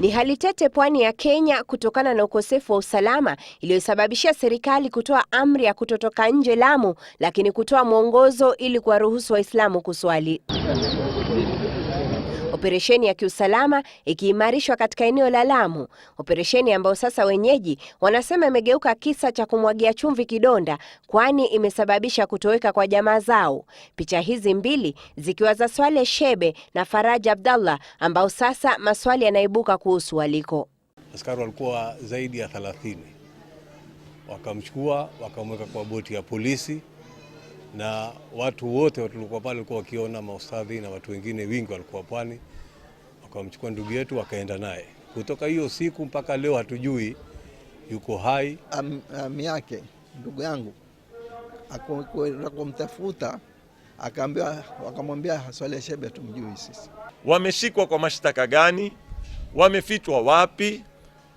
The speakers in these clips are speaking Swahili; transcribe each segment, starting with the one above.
Ni hali tete pwani ya Kenya kutokana na ukosefu wa usalama iliyosababishia serikali kutoa amri ya kutotoka nje Lamu, lakini kutoa mwongozo ili kuwaruhusu Waislamu kuswali operesheni ya kiusalama ikiimarishwa katika eneo la Lamu, operesheni ambayo sasa wenyeji wanasema imegeuka kisa cha kumwagia chumvi kidonda, kwani imesababisha kutoweka kwa jamaa zao. Picha hizi mbili zikiwa za Swale Shebe na Faraja Abdallah, ambao sasa maswali yanaibuka kuhusu waliko. Askari walikuwa zaidi ya 30 wakamchukua wakamweka kwa boti ya polisi na watu wote walikuwa pale walikuwa wakiona maustadhi na watu wengine wingi walikuwa pwani, wakamchukua ndugu yetu wakaenda naye. Kutoka hiyo siku mpaka leo hatujui yuko hai. Am, yake ndugu yangu akwenda kumtafuta akaambiwa, wakamwambia ya Shebe tumjui sisi. Wameshikwa kwa mashtaka gani? wamefichwa wapi?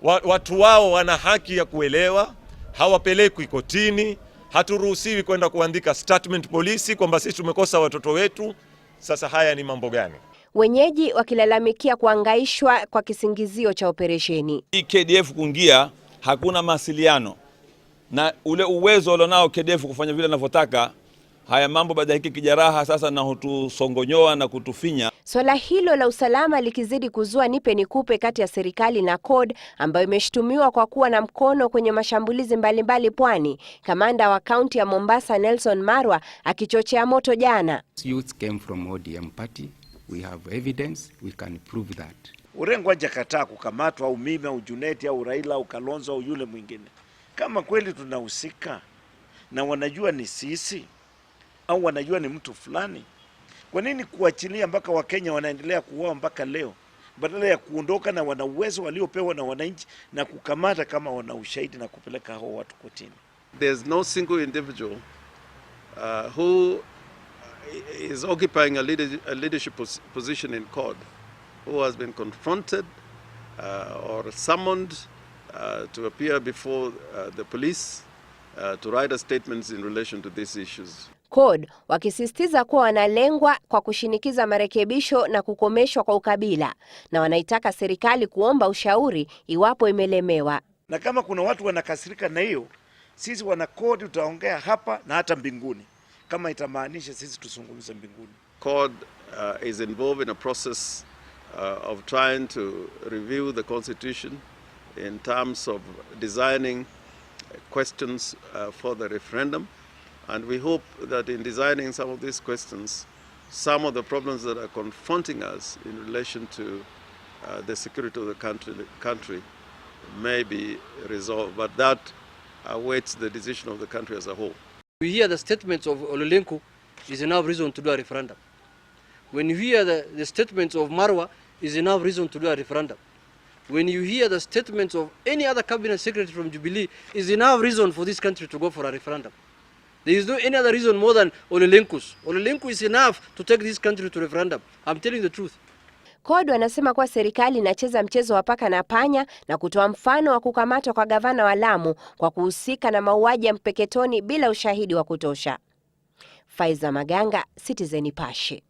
Watu wao wana haki ya kuelewa, hawapelekwi kotini. Haturuhusiwi kwenda kuandika statement polisi kwamba sisi tumekosa watoto wetu. Sasa haya ni mambo gani? Wenyeji wakilalamikia kuangaishwa kwa kisingizio cha operesheni hii. KDF kuingia, hakuna mawasiliano na ule uwezo walionao KDF kufanya vile anavyotaka. Haya mambo baada ya hiki kijaraha sasa na hutusongonyoa na kutufinya. Swala hilo la usalama likizidi kuzua nipe nikupe kati ya serikali na CORD ambayo imeshutumiwa kwa kuwa na mkono kwenye mashambulizi mbalimbali pwani, kamanda wa kaunti ya Mombasa Nelson Marwa akichochea moto jana. Urengo ajakataa kukamatwa au mimi au Juneti au Raila au Kalonzo au yule mwingine. Kama kweli tunahusika na wanajua ni sisi au wanajua ni mtu fulani kwa nini kuachilia mpaka Wakenya wanaendelea kuuawa mpaka leo, badala ya kuondoka na wana uwezo waliopewa na wananchi na kukamata kama wana ushahidi na kupeleka hao watu kotini? There's no single individual uh, who uh, is occupying a, leader, a leadership position in court who has been confronted uh, or summoned uh, to appear before uh, the police uh, to write a statements in relation to these issues. Code wakisisitiza kuwa wanalengwa kwa kushinikiza marekebisho na kukomeshwa kwa ukabila, na wanaitaka serikali kuomba ushauri iwapo imelemewa. Na kama kuna watu wanakasirika na hiyo, sisi wana Code tutaongea hapa na hata mbinguni, kama itamaanisha sisi tusungumze mbinguni. Code uh, is involved in a process uh, of trying to review the constitution in terms of designing questions uh, for the referendum. And we hope that in designing some of these questions, some of the problems that are confronting us in relation to uh, the security of the country, country may be resolved. But that awaits the decision of the country as a whole. We hear the statements of Olulenko is enough reason to do a referendum. When you hear the, the statements of Marwa is enough reason to do a referendum. When you hear the statements of any other cabinet secretary from Jubilee is enough reason for this country to go for a referendum. There is no any other reason more than Olelenkus. Olelenku is enough to take this country to referendum. I'm telling the truth. Kodwa anasema kuwa serikali inacheza mchezo wa paka na panya na kutoa mfano wa kukamatwa kwa gavana wa Lamu kwa kuhusika na mauaji ya Mpeketoni bila ushahidi wa kutosha. Faiza Maganga, Citizen Nipashe.